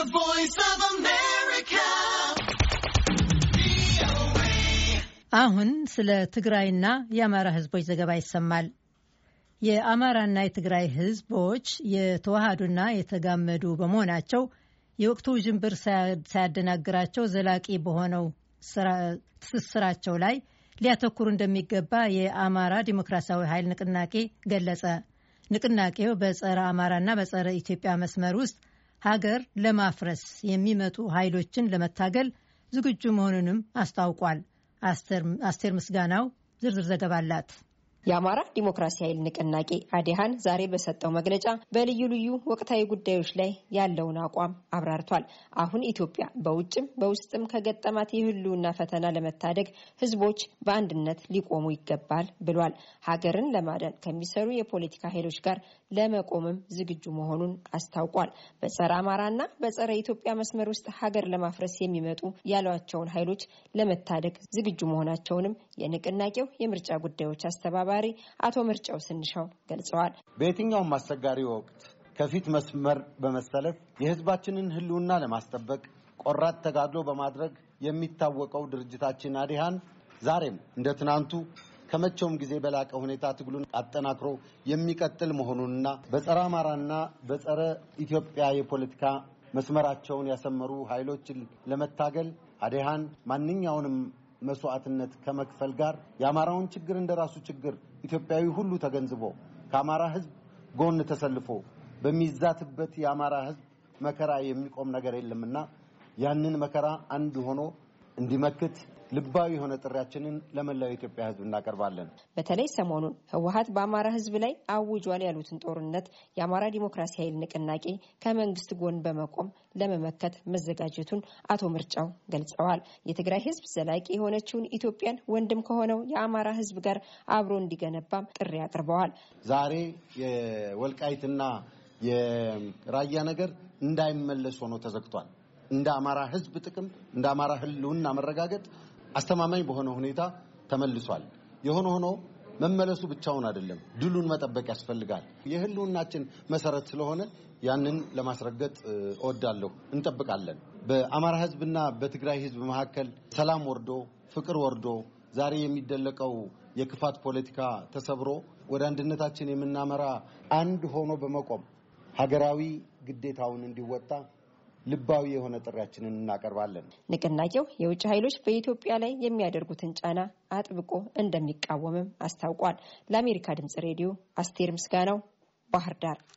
The voice of America. አሁን ስለ ትግራይና የአማራ ህዝቦች ዘገባ ይሰማል። የአማራና የትግራይ ህዝቦች የተዋሃዱና የተጋመዱ በመሆናቸው የወቅቱ ውዥንብር ሳያደናግራቸው ዘላቂ በሆነው ትስስራቸው ላይ ሊያተኩሩ እንደሚገባ የአማራ ዲሞክራሲያዊ ኃይል ንቅናቄ ገለጸ። ንቅናቄው በጸረ አማራና በጸረ ኢትዮጵያ መስመር ውስጥ ሀገር ለማፍረስ የሚመጡ ኃይሎችን ለመታገል ዝግጁ መሆኑንም አስታውቋል። አስቴር ምስጋናው ዝርዝር ዘገባ አላት። የአማራ ዲሞክራሲ ኃይል ንቅናቄ አዲሃን ዛሬ በሰጠው መግለጫ በልዩ ልዩ ወቅታዊ ጉዳዮች ላይ ያለውን አቋም አብራርቷል። አሁን ኢትዮጵያ በውጭም በውስጥም ከገጠማት የህልውና ፈተና ለመታደግ ህዝቦች በአንድነት ሊቆሙ ይገባል ብሏል። ሀገርን ለማዳን ከሚሰሩ የፖለቲካ ኃይሎች ጋር ለመቆምም ዝግጁ መሆኑን አስታውቋል። በጸረ አማራና በጸረ ኢትዮጵያ መስመር ውስጥ ሀገር ለማፍረስ የሚመጡ ያሏቸውን ኃይሎች ለመታደግ ዝግጁ መሆናቸውንም የንቅናቄው የምርጫ ጉዳዮች አስተባባል አስተባባሪ አቶ ምርጫው ስንሻው ገልጸዋል። በየትኛውም አስቸጋሪ ወቅት ከፊት መስመር በመሰለፍ የህዝባችንን ህልውና ለማስጠበቅ ቆራት ተጋድሎ በማድረግ የሚታወቀው ድርጅታችን አዲሃን ዛሬም እንደ ትናንቱ ከመቼውም ጊዜ በላቀ ሁኔታ ትግሉን አጠናክሮ የሚቀጥል መሆኑንና በጸረ አማራና በጸረ ኢትዮጵያ የፖለቲካ መስመራቸውን ያሰመሩ ኃይሎችን ለመታገል አዲሃን ማንኛውንም መስዋዕትነት ከመክፈል ጋር የአማራውን ችግር እንደራሱ ችግር ኢትዮጵያዊ ሁሉ ተገንዝቦ ከአማራ ህዝብ ጎን ተሰልፎ በሚዛትበት የአማራ ህዝብ መከራ የሚቆም ነገር የለምና ያንን መከራ አንድ ሆኖ እንዲመክት ልባዊ የሆነ ጥሪያችንን ለመላው የኢትዮጵያ ሕዝብ እናቀርባለን። በተለይ ሰሞኑን ህወሀት በአማራ ሕዝብ ላይ አውጇል ያሉትን ጦርነት የአማራ ዲሞክራሲ ኃይል ንቅናቄ ከመንግስት ጎን በመቆም ለመመከት መዘጋጀቱን አቶ ምርጫው ገልጸዋል። የትግራይ ሕዝብ ዘላቂ የሆነችውን ኢትዮጵያን ወንድም ከሆነው የአማራ ሕዝብ ጋር አብሮ እንዲገነባም ጥሪ አቅርበዋል። ዛሬ የወልቃይትና የራያ ነገር እንዳይመለስ ሆኖ ተዘግቷል። እንደ አማራ ህዝብ ጥቅም እንደ አማራ ህልውና መረጋገጥ አስተማማኝ በሆነ ሁኔታ ተመልሷል። የሆነ ሆኖ መመለሱ ብቻውን አይደለም፣ ድሉን መጠበቅ ያስፈልጋል። የህልውናችን መሰረት ስለሆነ ያንን ለማስረገጥ እወዳለሁ። እንጠብቃለን። በአማራ ህዝብና በትግራይ ህዝብ መካከል ሰላም ወርዶ ፍቅር ወርዶ ዛሬ የሚደለቀው የክፋት ፖለቲካ ተሰብሮ ወደ አንድነታችን የምናመራ አንድ ሆኖ በመቆም ሀገራዊ ግዴታውን እንዲወጣ ልባዊ የሆነ ጥሪያችንን እናቀርባለን። ንቅናቄው የውጭ ኃይሎች በኢትዮጵያ ላይ የሚያደርጉትን ጫና አጥብቆ እንደሚቃወምም አስታውቋል። ለአሜሪካ ድምጽ ሬዲዮ አስቴር ምስጋናው ባህር ዳር